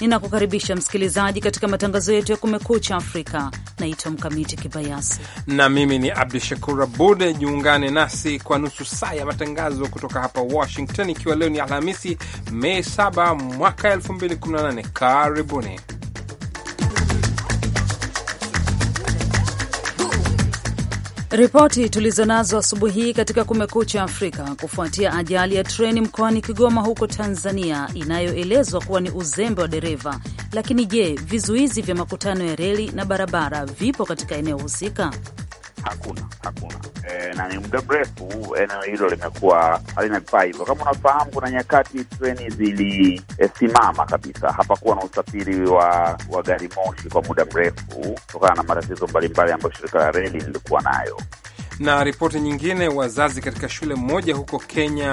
Ninakukaribisha msikilizaji katika matangazo yetu ya Kumekucha Afrika. Naitwa Mkamiti Kibayasi na mimi ni Abdu Shakur Abud. Jiungane nasi kwa nusu saa ya matangazo kutoka hapa Washington, ikiwa leo ni Alhamisi Mei 7 mwaka 2018. Karibuni. Ripoti tulizonazo asubuhi hii katika Kumekucha Afrika kufuatia ajali ya treni mkoani Kigoma huko Tanzania inayoelezwa kuwa ni uzembe wa dereva. Lakini je, vizuizi vya makutano ya reli na barabara vipo katika eneo husika? hakuna hakuna e, na ni muda mrefu eneo hilo limekuwa halina vifaa hivyo. Kama unafahamu, kuna nyakati treni zilisimama e, kabisa. Hapakuwa na usafiri wa wa gari moshi kwa muda mrefu kutokana na matatizo mbalimbali ambayo shirika la reli lilikuwa nayo. Na ripoti nyingine, wazazi katika shule moja huko Kenya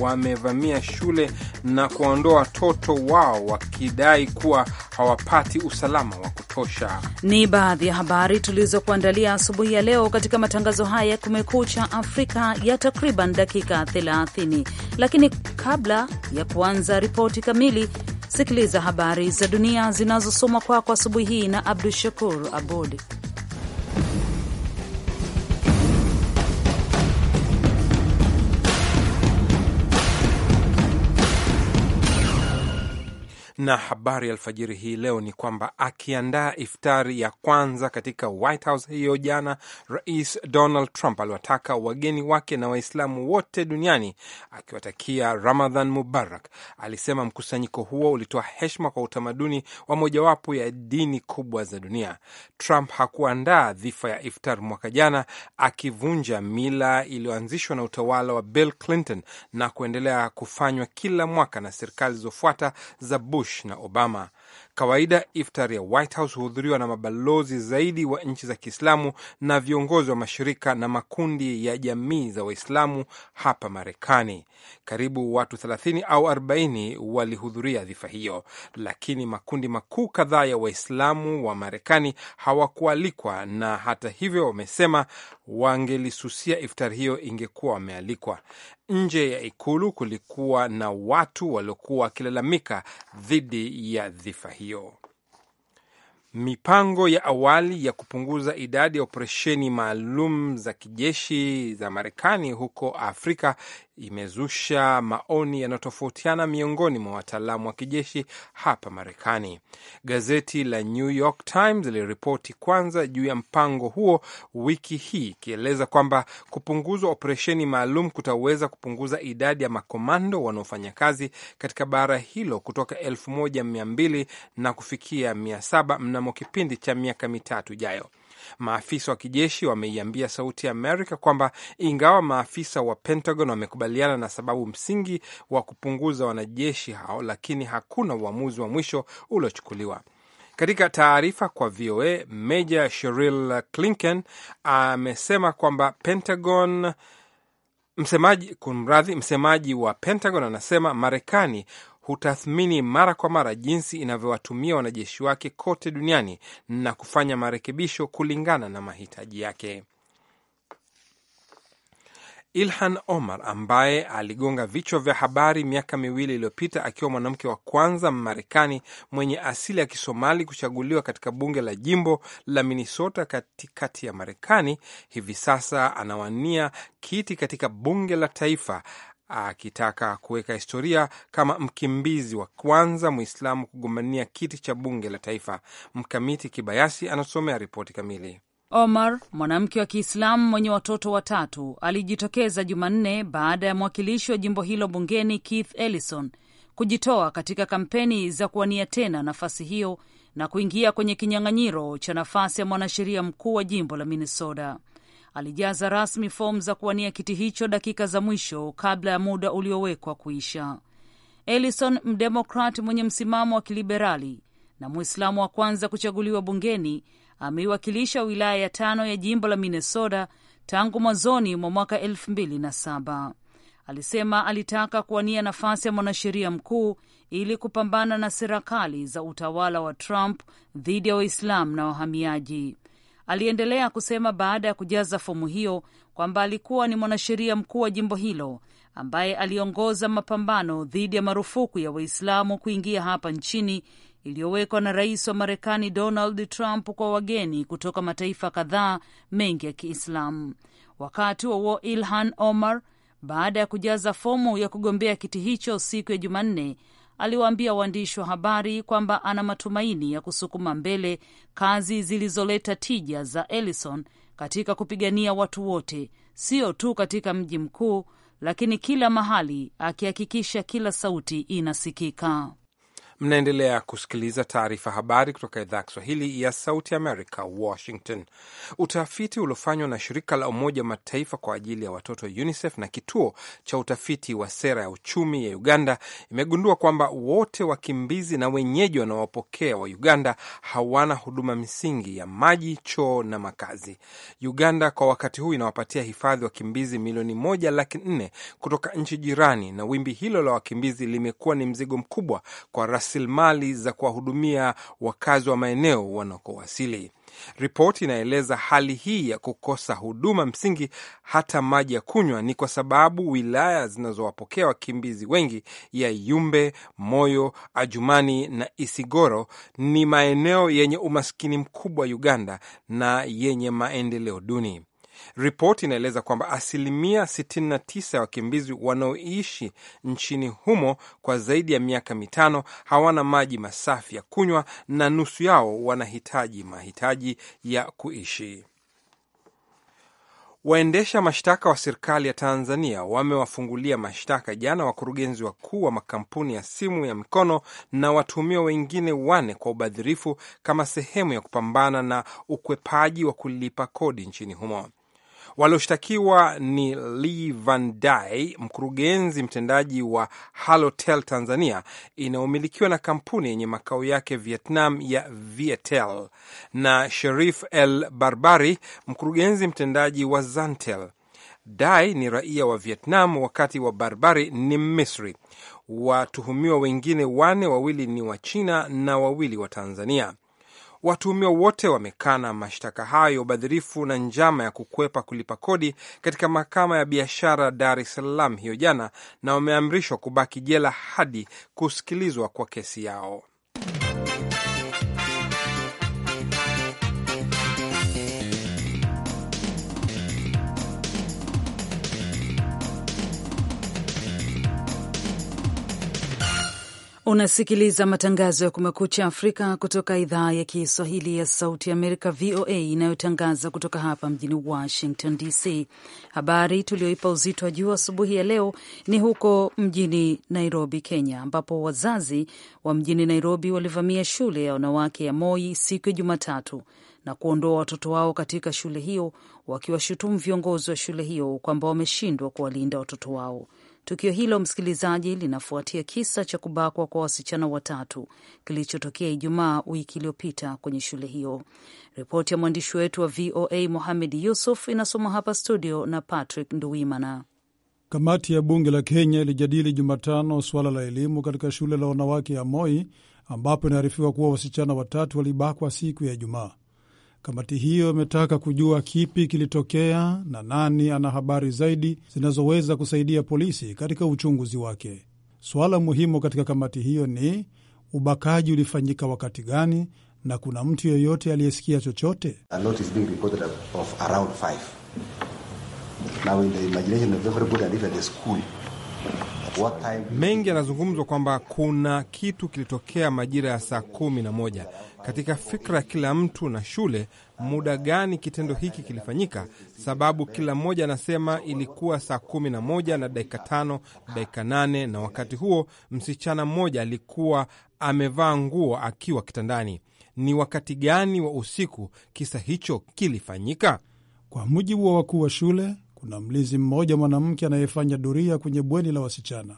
wamevamia shule na kuwaondoa watoto wao wakidai kuwa hawapati usalama wa kutosha. Ni baadhi ya habari tulizokuandalia asubuhi ya leo katika matangazo haya ya Kumekucha Afrika ya takriban dakika 30, lakini kabla ya kuanza ripoti kamili, sikiliza habari za dunia zinazosomwa kwako asubuhi hii na Abdu Shakur Abud. na habari ya alfajiri hii leo ni kwamba akiandaa iftari ya kwanza katika White House hiyo jana, Rais Donald Trump aliwataka wageni wake na Waislamu wote duniani akiwatakia Ramadhan Mubarak. Alisema mkusanyiko huo ulitoa heshima kwa utamaduni wa mojawapo ya dini kubwa za dunia. Trump hakuandaa dhifa ya iftar mwaka jana, akivunja mila iliyoanzishwa na utawala wa Bill Clinton na kuendelea kufanywa kila mwaka na serikali zilizofuata za Bush Bush na Obama. Kawaida iftar ya White House huhudhuriwa na mabalozi zaidi wa nchi za Kiislamu na viongozi wa mashirika na makundi ya jamii za Waislamu hapa Marekani. Karibu watu 30 au 40 walihudhuria dhifa hiyo, lakini makundi makuu kadhaa ya Waislamu wa Marekani hawakualikwa, na hata hivyo wamesema wangelisusia iftari hiyo ingekuwa wamealikwa. Nje ya ikulu kulikuwa na watu waliokuwa wakilalamika dhidi ya dhifa hiyo mipango ya awali ya kupunguza idadi ya operesheni maalum za kijeshi za Marekani huko Afrika imezusha maoni yanayotofautiana miongoni mwa wataalamu wa kijeshi hapa Marekani. Gazeti la New York Times liliripoti kwanza juu ya mpango huo wiki hii, ikieleza kwamba kupunguzwa operesheni maalum kutaweza kupunguza idadi ya makomando wanaofanya kazi katika bara hilo kutoka elfu moja mia mbili na kufikia mia saba mnamo mnamo kipindi cha miaka mitatu ijayo. Maafisa wa kijeshi wameiambia Sauti ya Amerika kwamba ingawa maafisa wa Pentagon wamekubaliana na sababu msingi wa kupunguza wanajeshi hao, lakini hakuna uamuzi wa mwisho uliochukuliwa. Katika taarifa kwa VOA, Meja Sheril Clinken amesema kwamba Pentagon Msemaji kumradhi, msemaji wa Pentagon anasema Marekani hutathmini mara kwa mara jinsi inavyowatumia wanajeshi wake kote duniani na kufanya marekebisho kulingana na mahitaji yake. Ilhan Omar ambaye aligonga vichwa vya habari miaka miwili iliyopita akiwa mwanamke wa kwanza marekani mwenye asili ya Kisomali kuchaguliwa katika bunge la jimbo la Minnesota katikati ya Marekani, hivi sasa anawania kiti katika bunge la taifa akitaka kuweka historia kama mkimbizi wa kwanza Mwislamu kugombania kiti cha bunge la taifa. Mkamiti Kibayasi anasomea ripoti kamili. Omar, mwanamke wa Kiislamu mwenye watoto watatu, alijitokeza Jumanne baada ya mwakilishi wa jimbo hilo bungeni Keith Ellison kujitoa katika kampeni za kuwania tena nafasi hiyo na kuingia kwenye kinyang'anyiro cha nafasi ya mwanasheria mkuu wa jimbo la Minnesota alijaza rasmi fomu za kuwania kiti hicho dakika za mwisho kabla ya muda uliowekwa kuisha. Ellison, mdemokrat mwenye msimamo wa kiliberali na Mwislamu wa kwanza kuchaguliwa bungeni, ameiwakilisha wilaya ya tano ya jimbo la Minnesota tangu mwanzoni mwa mwaka elfu mbili na saba. Alisema alitaka kuwania nafasi ya mwanasheria mkuu ili kupambana na serikali za utawala wa Trump dhidi ya Waislamu na wahamiaji. Aliendelea kusema baada ya kujaza fomu hiyo kwamba alikuwa ni mwanasheria mkuu wa jimbo hilo ambaye aliongoza mapambano dhidi ya marufuku ya Waislamu kuingia hapa nchini iliyowekwa na rais wa Marekani Donald Trump kwa wageni kutoka mataifa kadhaa mengi ya Kiislamu. Wakati wa Ilhan Omar, baada ya kujaza fomu ya kugombea kiti hicho siku ya Jumanne, aliwaambia waandishi wa habari kwamba ana matumaini ya kusukuma mbele kazi zilizoleta tija za Ellison katika kupigania watu wote, sio tu katika mji mkuu, lakini kila mahali, akihakikisha kila sauti inasikika. Mnaendelea kusikiliza taarifa habari kutoka idhaa ya Kiswahili ya Sauti America, Washington. Utafiti uliofanywa na shirika la Umoja wa Mataifa kwa ajili ya watoto UNICEF na kituo cha utafiti wa sera ya uchumi ya Uganda imegundua kwamba wote wakimbizi na wenyeji wanaowapokea wa Uganda hawana huduma misingi ya maji, choo na makazi. Uganda kwa wakati huu inawapatia hifadhi wakimbizi milioni moja laki nne kutoka nchi jirani, na wimbi hilo la wakimbizi limekuwa ni mzigo mkubwa kwa rasilimali za kuwahudumia wakazi wa maeneo wanakowasili. Ripoti inaeleza hali hii ya kukosa huduma msingi, hata maji ya kunywa, ni kwa sababu wilaya zinazowapokea wakimbizi wengi ya Yumbe, Moyo, Ajumani na Isigoro ni maeneo yenye umaskini mkubwa Uganda na yenye maendeleo duni. Ripoti inaeleza kwamba asilimia 69 ya wakimbizi wanaoishi nchini humo kwa zaidi ya miaka mitano hawana maji masafi ya kunywa na nusu yao wanahitaji mahitaji ya kuishi. Waendesha mashtaka wa serikali ya Tanzania wamewafungulia mashtaka jana wakurugenzi wakuu wa makampuni ya simu ya mikono na watuhumiwa wengine wane kwa ubadhirifu kama sehemu ya kupambana na ukwepaji wa kulipa kodi nchini humo. Walioshtakiwa ni Lee Van Dai, mkurugenzi mtendaji wa Halotel Tanzania inayomilikiwa na kampuni yenye makao yake Vietnam ya Vietel, na Sherif El Barbari, mkurugenzi mtendaji wa Zantel. Dai ni raia wa Vietnam wakati wa Barbari ni misri Watuhumiwa wengine wane, wawili ni wa China na wawili wa Tanzania. Watuhumiwa wote wamekana mashtaka hayo ya ubadhirifu na njama ya kukwepa kulipa kodi katika mahakama ya biashara Dar es Salaam hiyo jana, na wameamrishwa kubaki jela hadi kusikilizwa kwa kesi yao. Unasikiliza matangazo ya Kumekucha Afrika kutoka idhaa ya Kiswahili ya Sauti Amerika, VOA, inayotangaza kutoka hapa mjini Washington DC. Habari tuliyoipa uzito wa juu asubuhi ya leo ni huko mjini Nairobi, Kenya, ambapo wazazi wa mjini Nairobi walivamia shule ya wanawake ya Moi siku ya Jumatatu na kuondoa watoto wao katika shule hiyo, wakiwashutumu viongozi wa shule hiyo kwamba wameshindwa kuwalinda watoto wao. Tukio hilo, msikilizaji, linafuatia kisa cha kubakwa kwa wasichana watatu kilichotokea Ijumaa wiki iliyopita kwenye shule hiyo. Ripoti ya mwandishi wetu wa VOA Mohamed Yusuf inasoma hapa studio na Patrick Nduwimana. Kamati ya bunge la Kenya ilijadili Jumatano suala la elimu katika shule la wanawake ya Moi ambapo inaarifiwa kuwa wasichana watatu walibakwa siku ya Ijumaa. Kamati hiyo imetaka kujua kipi kilitokea na nani ana habari zaidi zinazoweza kusaidia polisi katika uchunguzi wake. Suala muhimu katika kamati hiyo ni ubakaji ulifanyika wakati gani na kuna mtu yeyote aliyesikia chochote. Mengi yanazungumzwa kwamba kuna kitu kilitokea majira ya saa kumi na moja katika fikra ya kila mtu na shule, muda gani kitendo hiki kilifanyika, sababu kila mmoja anasema ilikuwa saa kumi na moja na dakika tano dakika nane na wakati huo msichana mmoja alikuwa amevaa nguo akiwa kitandani. Ni wakati gani wa usiku kisa hicho kilifanyika? Kwa mujibu wa wakuu wa shule kuna mlinzi mmoja mwanamke anayefanya doria kwenye bweni la wasichana.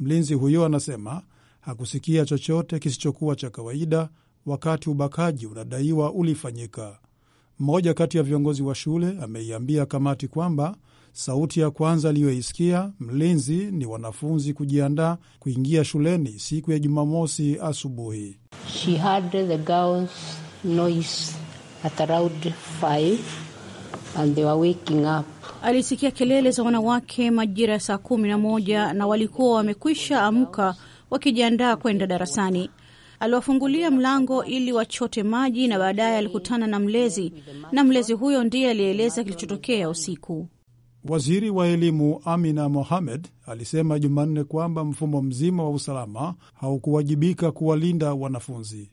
Mlinzi huyo anasema hakusikia chochote kisichokuwa cha kawaida wakati ubakaji unadaiwa ulifanyika. Mmoja kati ya viongozi wa shule ameiambia kamati kwamba sauti ya kwanza aliyoisikia mlinzi ni wanafunzi kujiandaa kuingia shuleni siku ya Jumamosi asubuhi alisikia kelele za wanawake majira ya saa kumi na moja na walikuwa wamekwisha amka wakijiandaa kwenda darasani. Aliwafungulia mlango ili wachote maji na baadaye alikutana na mlezi, na mlezi huyo ndiye alieleza kilichotokea usiku. Waziri wa elimu Amina Mohamed alisema Jumanne kwamba mfumo mzima wa usalama haukuwajibika kuwalinda wanafunzi.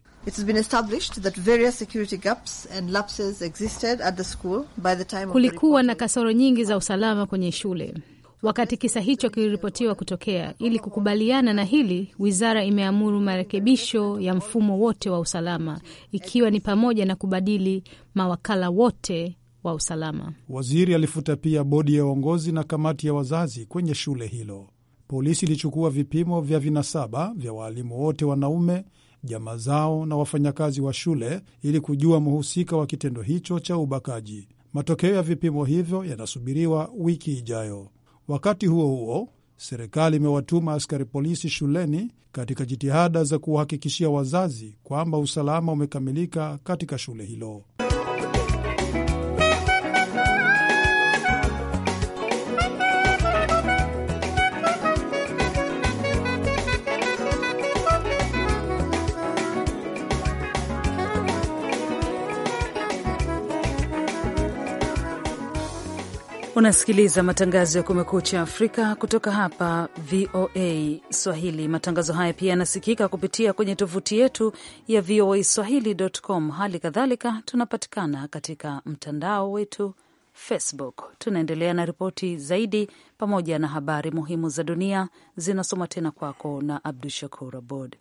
Kulikuwa na kasoro nyingi za usalama kwenye shule wakati kisa hicho kiliripotiwa kutokea. Ili kukubaliana na hili, wizara imeamuru marekebisho ya mfumo wote wa usalama, ikiwa ni pamoja na kubadili mawakala wote wa usalama. Waziri alifuta pia bodi ya uongozi na kamati ya wazazi kwenye shule hilo. Polisi ilichukua vipimo vya vinasaba vya waalimu wote wanaume jamaa zao na wafanyakazi wa shule ili kujua mhusika wa kitendo hicho cha ubakaji. Matokeo ya vipimo hivyo yanasubiriwa wiki ijayo. Wakati huo huo, serikali imewatuma askari polisi shuleni katika jitihada za kuwahakikishia wazazi kwamba usalama umekamilika katika shule hilo. Unasikiliza matangazo ya Kumekucha Afrika kutoka hapa VOA Swahili. Matangazo haya pia yanasikika kupitia kwenye tovuti yetu ya VOA Swahili.com. Hali kadhalika tunapatikana katika mtandao wetu Facebook. Tunaendelea na ripoti zaidi pamoja na habari muhimu za dunia, zinasoma tena kwako na Abdu Shakur Abod.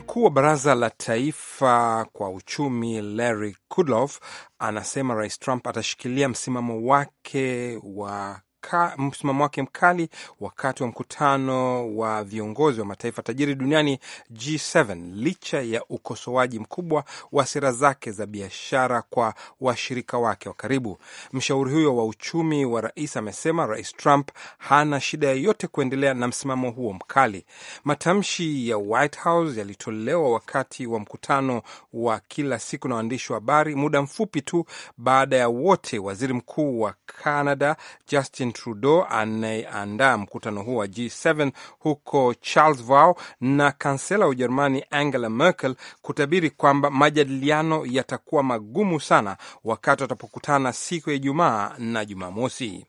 Mkuu wa baraza la taifa kwa uchumi Larry Kudlow anasema Rais Trump atashikilia msimamo wake wa msimamo wake mkali wakati wa mkutano wa viongozi wa mataifa tajiri duniani G7 licha ya ukosoaji mkubwa wa sera zake za biashara kwa washirika wake wa karibu. Mshauri huyo wa uchumi wa rais amesema Rais Trump hana shida yoyote kuendelea na msimamo huo mkali. Matamshi ya White House yalitolewa wakati wa mkutano wa kila siku na waandishi wa habari muda mfupi tu baada ya wote waziri mkuu wa Canada Justin Justin Trudeau anayeandaa mkutano huu wa G7 huko Charlevoix na kansela wa Ujerumani Angela Merkel kutabiri kwamba majadiliano yatakuwa magumu sana wakati watapokutana siku ya Ijumaa na Jumamosi.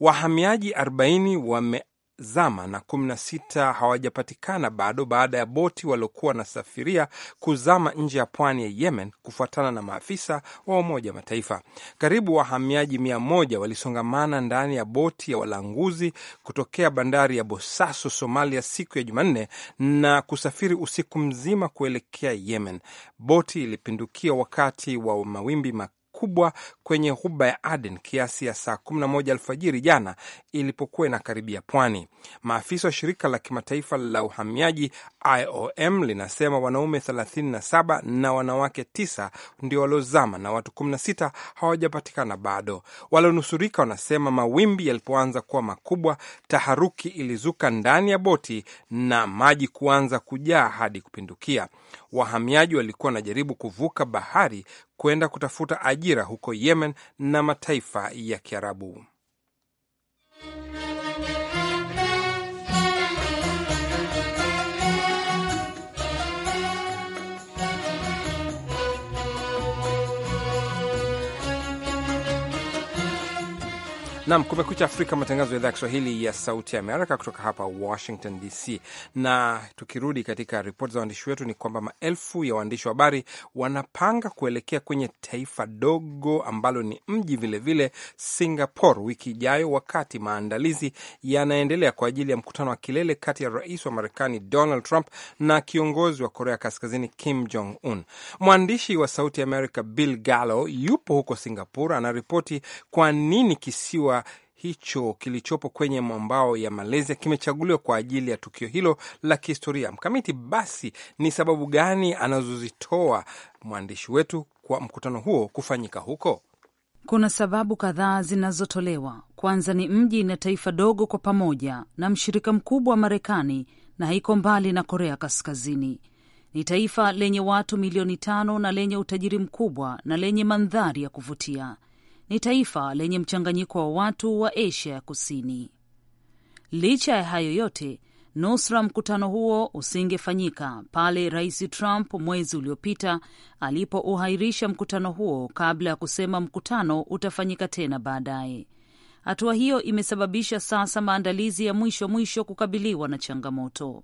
Wahamiaji 40 wame zama na kumi na sita hawajapatikana bado baada ya boti waliokuwa wanasafiria kuzama nje ya pwani ya Yemen, kufuatana na maafisa wa Umoja Mataifa. Karibu wahamiaji mia moja walisongamana ndani ya boti ya walanguzi kutokea bandari ya Bosaso, Somalia, siku ya Jumanne na kusafiri usiku mzima kuelekea Yemen. Boti ilipindukia wakati wa mawimbi kubwa kwenye ghuba ya Aden kiasi ya saa 11 alfajiri jana ilipokuwa inakaribia pwani. Maafisa wa shirika la kimataifa la uhamiaji IOM linasema wanaume 37 na wanawake 9 ndio waliozama na watu 16 hawajapatikana bado. Walionusurika wanasema mawimbi yalipoanza kuwa makubwa, taharuki ilizuka ndani ya boti na maji kuanza kujaa hadi kupindukia. Wahamiaji walikuwa wanajaribu kuvuka bahari kwenda kutafuta ajira huko Yemen na mataifa ya Kiarabu. Nam Kumekucha Afrika, matangazo ya idhaa ya Kiswahili ya Sauti ya Amerika kutoka hapa Washington DC. Na tukirudi katika ripoti za waandishi wetu, ni kwamba maelfu ya waandishi wa habari wanapanga kuelekea kwenye taifa dogo ambalo ni mji vilevile, Singapore wiki ijayo, wakati maandalizi yanaendelea kwa ajili ya mkutano wa kilele kati ya rais wa Marekani Donald Trump na kiongozi wa Korea Kaskazini Kim Jong Un. Mwandishi wa Sauti ya Amerika Bill Gallo yupo huko Singapore, anaripoti kwa nini kisiwa hicho kilichopo kwenye mwambao ya Malaysia kimechaguliwa kwa ajili ya tukio hilo la kihistoria. Mkamiti, basi ni sababu gani anazozitoa mwandishi wetu kwa mkutano huo kufanyika huko? Kuna sababu kadhaa zinazotolewa. Kwanza ni mji na taifa dogo kwa pamoja na mshirika mkubwa wa Marekani na haiko mbali na Korea Kaskazini. Ni taifa lenye watu milioni tano na lenye utajiri mkubwa na lenye mandhari ya kuvutia ni taifa lenye mchanganyiko wa watu wa Asia ya Kusini. Licha ya hayo yote, nusra mkutano huo usingefanyika pale Rais Trump mwezi uliopita alipouhairisha mkutano huo kabla ya kusema mkutano utafanyika tena baadaye. Hatua hiyo imesababisha sasa maandalizi ya mwisho mwisho kukabiliwa na changamoto.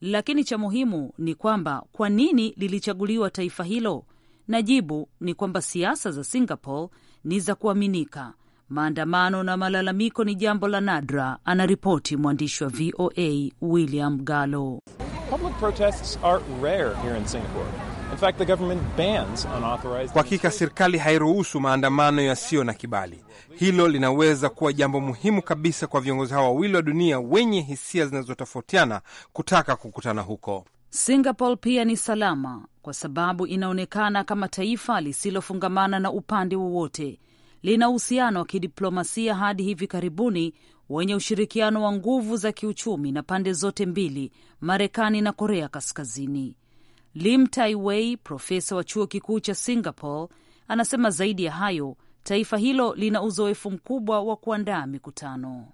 Lakini cha muhimu ni kwamba kwa nini lilichaguliwa taifa hilo? Na jibu ni kwamba siasa za Singapore ni za kuaminika. Maandamano na malalamiko ni jambo la nadra, anaripoti mwandishi wa VOA William Gallo. Kwa hakika serikali hairuhusu maandamano yasiyo na kibali. Hilo linaweza kuwa jambo muhimu kabisa kwa viongozi hawa wawili wa dunia wenye hisia zinazotofautiana kutaka kukutana huko. Singapore pia ni salama kwa sababu inaonekana kama taifa lisilofungamana na upande wowote. Lina uhusiano wa kidiplomasia hadi hivi karibuni wenye ushirikiano wa nguvu za kiuchumi na pande zote mbili, Marekani na Korea Kaskazini. Lim Tai profesa wa chuo kikuu cha Singapore, anasema zaidi ya hayo, Taifa hilo lina uzoefu mkubwa wa kuandaa mikutano.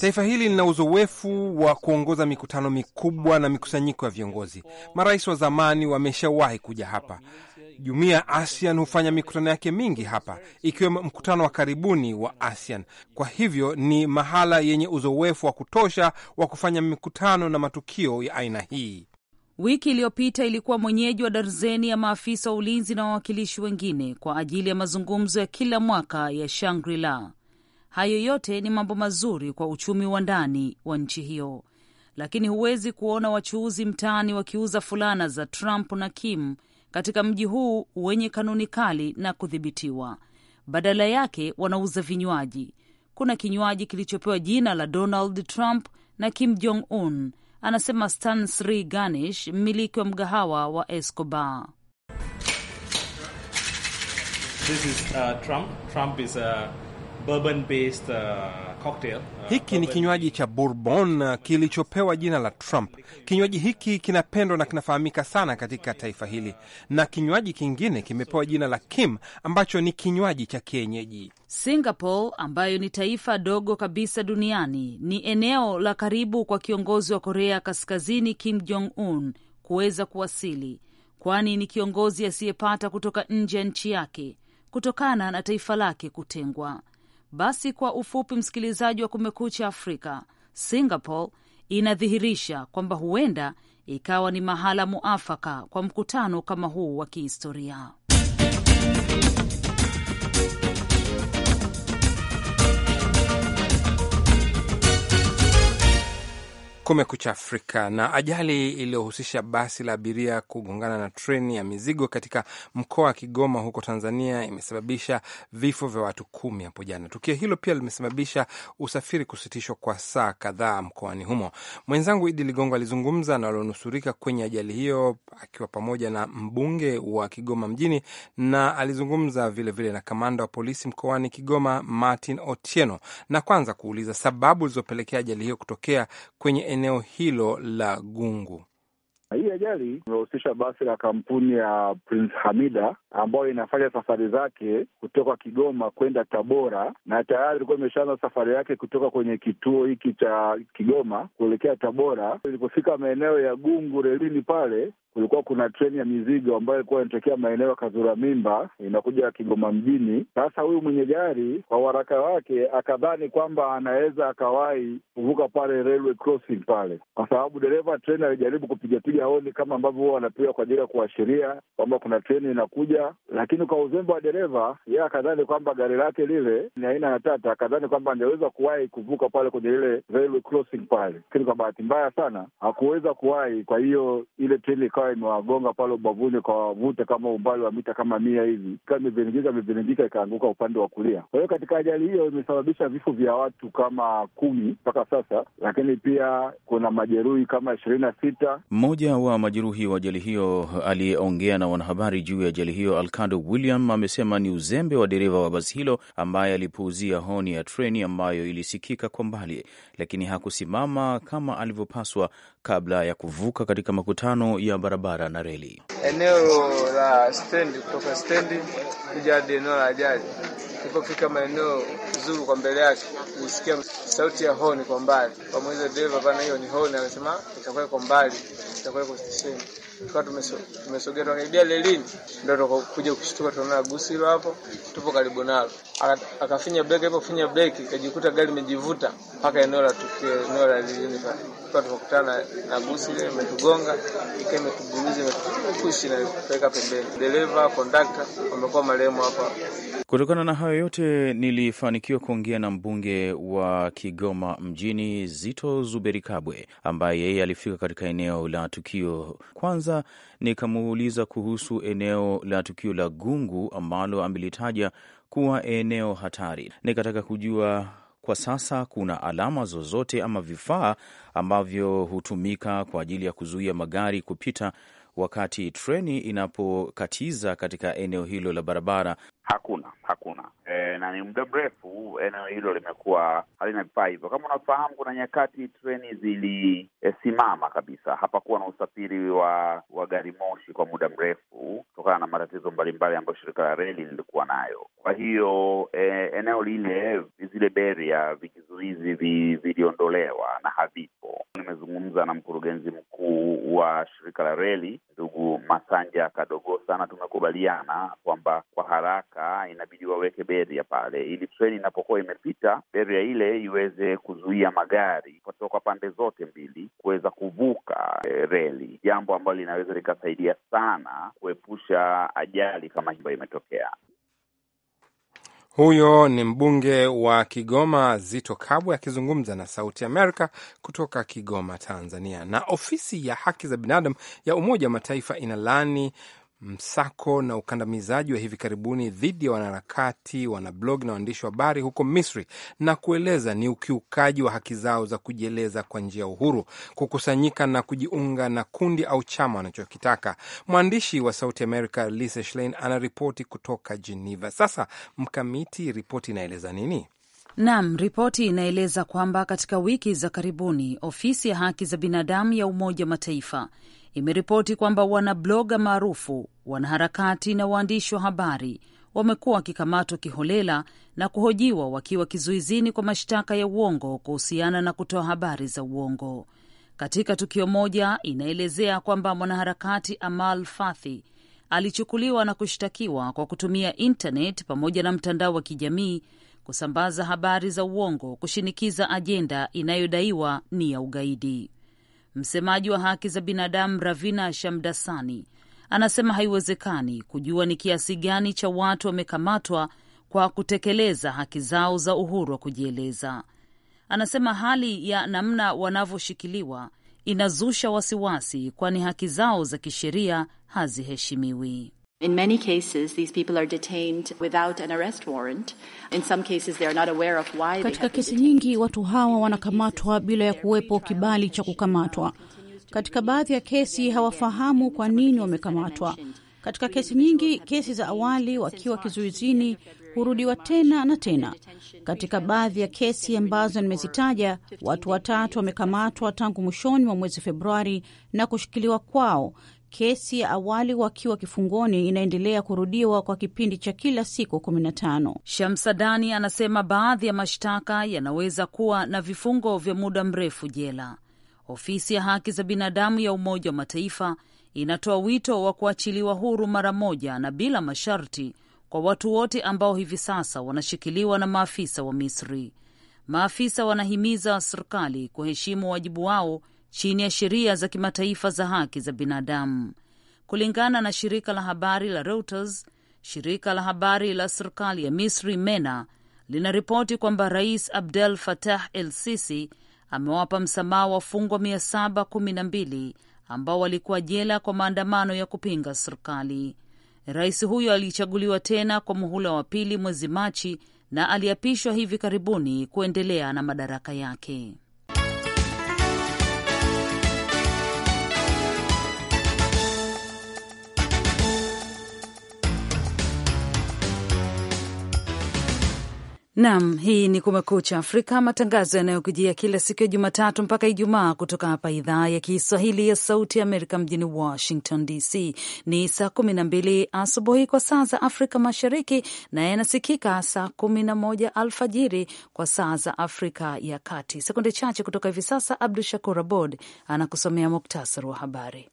Taifa hili lina uzoefu wa kuongoza mikutano mikubwa na mikusanyiko ya viongozi. Marais wa zamani wameshawahi kuja hapa. Jumuiya ya ASEAN hufanya mikutano yake mingi hapa, ikiwemo mkutano wa karibuni wa ASEAN. Kwa hivyo ni mahala yenye uzoefu wa kutosha wa kufanya mikutano na matukio ya aina hii wiki iliyopita ilikuwa mwenyeji wa darzeni ya maafisa wa ulinzi na wawakilishi wengine kwa ajili ya mazungumzo ya kila mwaka ya Shangri-La. Hayo yote ni mambo mazuri kwa uchumi wa ndani wa nchi hiyo, lakini huwezi kuona wachuuzi mtaani wakiuza fulana za Trump na Kim katika mji huu wenye kanuni kali na kudhibitiwa. Badala yake wanauza vinywaji. Kuna kinywaji kilichopewa jina la Donald Trump na Kim Jong Un anasema Stan Sri Ganish, mmiliki wa mgahawa wa Escobar. This is, uh, Trump. Trump is, uh bourbon based, uh, cocktail. Uh, hiki ni kinywaji cha bourbon uh, kilichopewa jina la Trump. Kinywaji hiki kinapendwa na kinafahamika sana katika taifa hili, na kinywaji kingine kimepewa jina la Kim ambacho ni kinywaji cha kienyeji. Singapore ambayo ni taifa dogo kabisa duniani ni eneo la karibu kwa kiongozi wa Korea Kaskazini Kim Jong Un kuweza kuwasili, kwani ni kiongozi asiyepata kutoka nje ya nchi yake kutokana na taifa lake kutengwa. Basi kwa ufupi, msikilizaji wa Kumekucha Afrika, Singapore inadhihirisha kwamba huenda ikawa ni mahala muafaka kwa mkutano kama huu wa kihistoria. Kumekucha Afrika. Na ajali iliyohusisha basi la abiria kugongana na treni ya mizigo katika mkoa wa Kigoma huko Tanzania imesababisha vifo vya watu kumi hapo jana. Tukio hilo pia limesababisha usafiri kusitishwa kwa saa kadhaa mkoani humo. Mwenzangu Idi Ligongo alizungumza na walionusurika kwenye ajali hiyo akiwa pamoja na mbunge wa Kigoma mjini, na alizungumza vilevile vile na kamanda wa polisi mkoani Kigoma Martin Otieno, na kwanza kuuliza sababu zilizopelekea ajali hiyo kutokea kwenye eneo hilo la Gungu. Hii ajali imehusisha basi la kampuni ya Prince Hamida ambayo inafanya safari zake kutoka Kigoma kwenda Tabora, na tayari ilikuwa imeshaanza safari yake kutoka kwenye kituo hiki cha Kigoma kuelekea Tabora. Ilipofika maeneo ya Gungu relini pale, kulikuwa kuna treni ya mizigo ambayo ilikuwa inatokea maeneo ya Kazura Mimba inakuja Kigoma mjini. Sasa huyu mwenye gari kwa uharaka wake akadhani kwamba anaweza akawahi kuvuka pale railway crossing pale, kwa sababu dereva treni alijaribu kupigapiga honi kama ambavyo huwa wanapiga kwa ajili ya kuashiria kwamba kuna treni inakuja, lakini kwa uzembe wa dereva, yeye akadhani kwamba gari lake lile ni aina ya Tata, akadhani kwamba angeweza kuwahi kuvuka pale kwenye ile railway crossing pale, lakini kwa bahati mbaya sana hakuweza kuwahi. Kwa hiyo ile treni ikawa imewagonga pale ubavuni kwa wavute kama umbali wa mita kama mia hivi, ikawa imeviringika imeviringika ikaanguka upande wa kulia. Kwa hiyo katika ajali hiyo imesababisha vifo vya watu kama kumi mpaka sasa, lakini pia kuna majeruhi kama ishirini na sita. Mmoja wa majeruhi wa ajali hiyo aliyeongea na wanahabari juu ya ajali hiyo, Alcando William, amesema ni uzembe wa dereva wa basi hilo ambaye alipuuzia honi ya treni ambayo ilisikika kwa mbali, lakini hakusimama kama alivyopaswa kabla ya kuvuka katika makutano ya barabara na reli. Eneo la stendi, kutoka stendi kuja hadi eneo la ajali, ipofika maeneo zuru kwa mbele yake kusikia sauti ya honi kwa mbali, pamoja dereva pana hiyo ni honi, amesema itakuwa kwa mbali, itakuwa kwa stesheni tukawa tumesogea tukaribia lelini, ndio tukakuja kushtuka, tunaona gusi hilo hapo, tupo karibu nalo. Akafinya beki hapo finya beki kajikuta gari imejivuta mpaka eneo la tukio, eneo la lelini pale. Tukawa tumekutana na gusi ile imetugonga, ikiwa imetuguruza imetukushi na kuweka pembeni. Dereva, kondakta wamekuwa marehemu hapa. Kutokana na hayo yote, nilifanikiwa kuongea na mbunge wa Kigoma mjini Zito Zuberi Kabwe, ambaye yeye alifika katika eneo la tukio kwanza kwanza nikamuuliza kuhusu eneo la tukio la gungu ambalo amelitaja kuwa eneo hatari. Nikataka kujua kwa sasa kuna alama zozote ama vifaa ambavyo hutumika kwa ajili ya kuzuia magari kupita wakati treni inapokatiza katika eneo hilo la barabara Hakuna, hakuna e, na ni muda mrefu eneo hilo limekuwa halina vifaa hivyo. Kama unafahamu, kuna nyakati treni zilisimama e, kabisa. Hapakuwa na usafiri wa wa gari moshi kwa muda mrefu kutokana na matatizo mbalimbali ambayo shirika la reli lilikuwa nayo. Kwa hiyo e, eneo lile, zile beria, vikizuizi viliondolewa na havipo. Nimezungumza na mkurugenzi mkuu wa shirika la reli ndugu Masanja Kadogosa na tumekubaliana kwamba kwa haraka haraka, inabidi waweke beria pale, ili treni inapokuwa imepita beria ile iweze kuzuia magari kutoka pande zote mbili kuweza kuvuka e, reli, jambo ambalo linaweza likasaidia sana kuepusha ajali kama hiyo imetokea. Huyo ni mbunge wa Kigoma Zito Kabwe akizungumza na Sauti Amerika kutoka Kigoma, Tanzania. Na ofisi ya haki za binadamu ya Umoja wa Mataifa inalani msako na ukandamizaji wa hivi karibuni dhidi ya wanaharakati, wanablog na waandishi wa habari huko Misri na kueleza ni ukiukaji wa haki zao za kujieleza kwa njia ya uhuru, kukusanyika na kujiunga na kundi au chama wanachokitaka. Mwandishi wa Sauti America Lisa Schlein anaripoti kutoka Geneva. Sasa Mkamiti, ripoti inaeleza nini? Nam, ripoti inaeleza kwamba katika wiki za karibuni ofisi ya haki za binadamu ya Umoja wa Mataifa imeripoti kwamba wanabloga maarufu, wanaharakati na waandishi wa habari wamekuwa wakikamatwa kiholela na kuhojiwa wakiwa kizuizini kwa mashtaka ya uongo kuhusiana na kutoa habari za uongo. Katika tukio moja, inaelezea kwamba mwanaharakati Amal Fathi alichukuliwa na kushtakiwa kwa kutumia intanet pamoja na mtandao wa kijamii kusambaza habari za uongo, kushinikiza ajenda inayodaiwa ni ya ugaidi. Msemaji wa haki za binadamu Ravina Shamdasani anasema haiwezekani kujua ni kiasi gani cha watu wamekamatwa kwa kutekeleza haki zao za uhuru wa kujieleza. Anasema hali ya namna wanavyoshikiliwa inazusha wasiwasi, kwani haki zao za kisheria haziheshimiwi. In many cases, these people are detained without an arrest warrant. In some cases, they are not aware of why. Katika kesi nyingi watu hawa wanakamatwa bila ya kuwepo kibali cha kukamatwa. Katika baadhi ya kesi hawafahamu kwa nini wamekamatwa. Katika kesi nyingi, kesi za awali, wakiwa kizuizini hurudiwa tena na tena. Katika baadhi ya kesi ambazo nimezitaja, watu watatu wamekamatwa tangu mwishoni mwa mwezi Februari na kushikiliwa kwao, kesi ya awali wakiwa kifungoni inaendelea kurudiwa kwa kipindi cha kila siku kumi na tano Shamsadani anasema baadhi ya mashtaka yanaweza kuwa na vifungo vya muda mrefu jela. Ofisi ya haki za binadamu ya Umoja wa Mataifa inatoa wito wa kuachiliwa huru mara moja na bila masharti kwa watu wote ambao hivi sasa wanashikiliwa na maafisa wa Misri. Maafisa wanahimiza serikali kuheshimu wajibu wao chini ya sheria za kimataifa za haki za binadamu. Kulingana na shirika la habari la Reuters, shirika la habari la serikali ya Misri MENA linaripoti kwamba Rais Abdel Fattah El Sisi amewapa msamaha wafungwa 712 ambao walikuwa jela kwa maandamano ya kupinga serikali. Rais huyo alichaguliwa tena kwa muhula wa pili mwezi Machi na aliapishwa hivi karibuni kuendelea na madaraka yake. Nam, hii ni Kumekucha Afrika, matangazo yanayokujia kila siku ya Jumatatu mpaka Ijumaa kutoka hapa idhaa ya Kiswahili ya Sauti ya Amerika mjini Washington DC. Ni saa kumi na mbili asubuhi kwa saa za Afrika Mashariki na yanasikika saa kumi na moja alfajiri kwa saa za Afrika ya Kati. Sekunde chache kutoka hivi sasa, Abdu Shakur Abod anakusomea muktasari wa habari.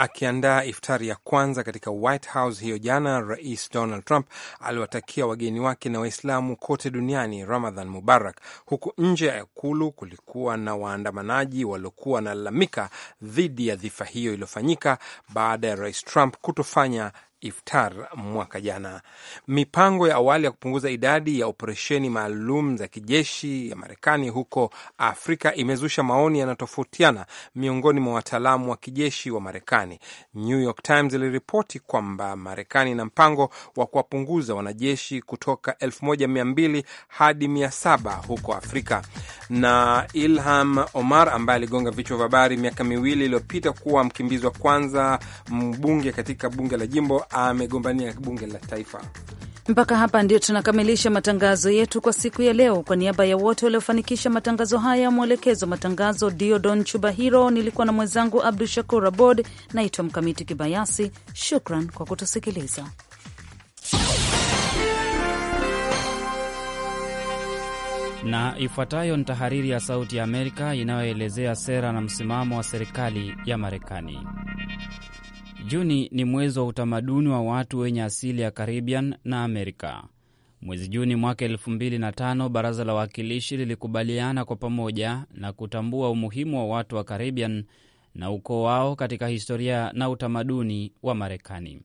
Akiandaa iftari ya kwanza katika White House hiyo jana, Rais Donald Trump aliwatakia wageni wake na Waislamu kote duniani Ramadhan Mubarak. Huku nje ya ikulu kulikuwa na waandamanaji waliokuwa wanalalamika dhidi ya dhifa hiyo iliyofanyika baada ya Rais Trump kutofanya iftar mwaka jana. Mipango ya awali ya kupunguza idadi ya operesheni maalum za kijeshi ya Marekani huko Afrika imezusha maoni yanayotofautiana miongoni mwa wataalamu wa kijeshi wa Marekani. New York Times iliripoti kwamba Marekani ina mpango wa kuwapunguza wanajeshi kutoka 1200 hadi 700 huko Afrika na Ilham Omar ambaye aligonga vichwa vya habari miaka miwili iliyopita kuwa mkimbizi wa kwanza mbunge katika bunge la jimbo, amegombania bunge la taifa. Mpaka hapa ndio tunakamilisha matangazo yetu kwa siku ya leo. Kwa niaba ya wote waliofanikisha matangazo haya, mwelekezo matangazo Diodon Chubahiro, nilikuwa na mwenzangu Abdu Shakur Abod. Naitwa Mkamiti Kibayasi. Shukran kwa kutusikiliza. na ifuatayo ni tahariri ya Sauti ya Amerika inayoelezea sera na msimamo wa serikali ya Marekani. Juni ni mwezi wa utamaduni wa watu wenye asili ya Caribbean na Amerika. Mwezi Juni mwaka 2005 baraza la wawakilishi lilikubaliana kwa pamoja na kutambua umuhimu wa watu wa Caribbean na ukoo wao katika historia na utamaduni wa Marekani.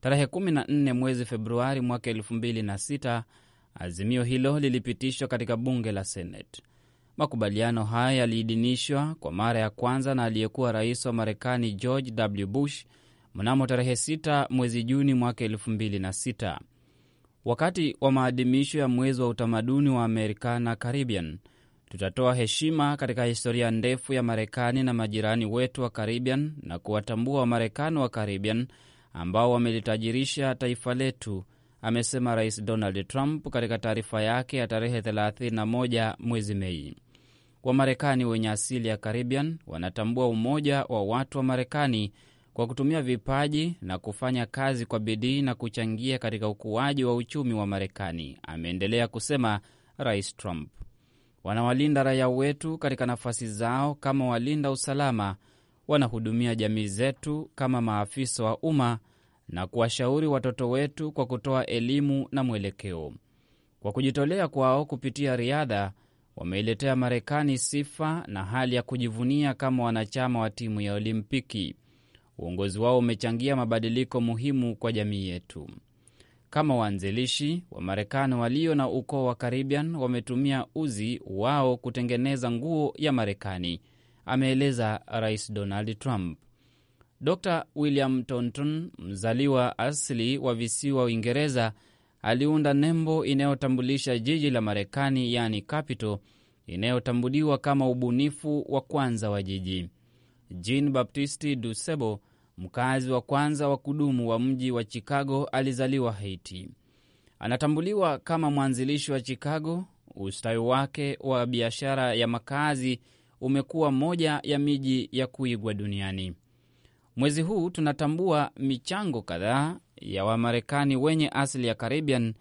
Tarehe 14 mwezi Februari mwaka Azimio hilo lilipitishwa katika bunge la Seneti. Makubaliano haya yaliidhinishwa kwa mara ya kwanza na aliyekuwa rais wa Marekani George W. Bush mnamo tarehe 6 mwezi Juni mwaka 2006 wakati wa maadhimisho ya mwezi wa utamaduni wa amerika na Caribbean. Tutatoa heshima katika historia ndefu ya Marekani na majirani wetu wa Caribbean na kuwatambua Wamarekani wa Caribbean ambao wamelitajirisha taifa letu amesema Rais Donald Trump katika taarifa yake ya tarehe 31 mwezi Mei. Wamarekani wenye asili ya Caribbean wanatambua umoja wa watu wa Marekani kwa kutumia vipaji na kufanya kazi kwa bidii na kuchangia katika ukuaji wa uchumi wa Marekani, ameendelea kusema Rais Trump. Wanawalinda raia wetu katika nafasi zao kama walinda usalama, wanahudumia jamii zetu kama maafisa wa umma na kuwashauri watoto wetu kwa kutoa elimu na mwelekeo. Kwa kujitolea kwao kupitia riadha, wameiletea Marekani sifa na hali ya kujivunia kama wanachama wa timu ya Olimpiki. Uongozi wao umechangia mabadiliko muhimu kwa jamii yetu. Kama waanzilishi wa Marekani walio na ukoo wa Caribbean wametumia uzi wao kutengeneza nguo ya Marekani, ameeleza Rais Donald Trump. Dr William tonton mzaliwa asili wa visiwa Uingereza, aliunda nembo inayotambulisha jiji la Marekani, yaani Capital, inayotambuliwa kama ubunifu wa kwanza wa jiji. Jean Baptiste du mkazi wa kwanza wa kudumu wa mji wa Chicago, alizaliwa Haiti. Anatambuliwa kama mwanzilishi wa Chicago. Ustawi wake wa biashara ya makazi umekuwa moja ya miji ya kuigwa duniani. Mwezi huu tunatambua michango kadhaa ya Wamarekani wenye asili ya Caribbean,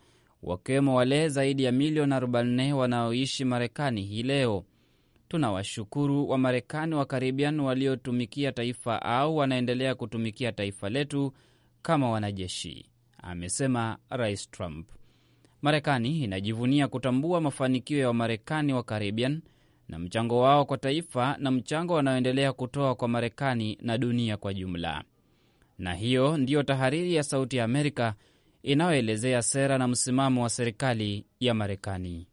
wakiwemo wale zaidi ya milioni 40 wanaoishi Marekani hii leo. Tunawashukuru Wamarekani wa Caribbean waliotumikia taifa au wanaendelea kutumikia taifa letu kama wanajeshi, amesema Rais Trump. Marekani inajivunia kutambua mafanikio ya Wamarekani wa Caribbean na mchango wao kwa taifa na mchango wanaoendelea kutoa kwa Marekani na dunia kwa jumla. Na hiyo ndiyo tahariri ya Sauti ya Amerika inayoelezea sera na msimamo wa serikali ya Marekani.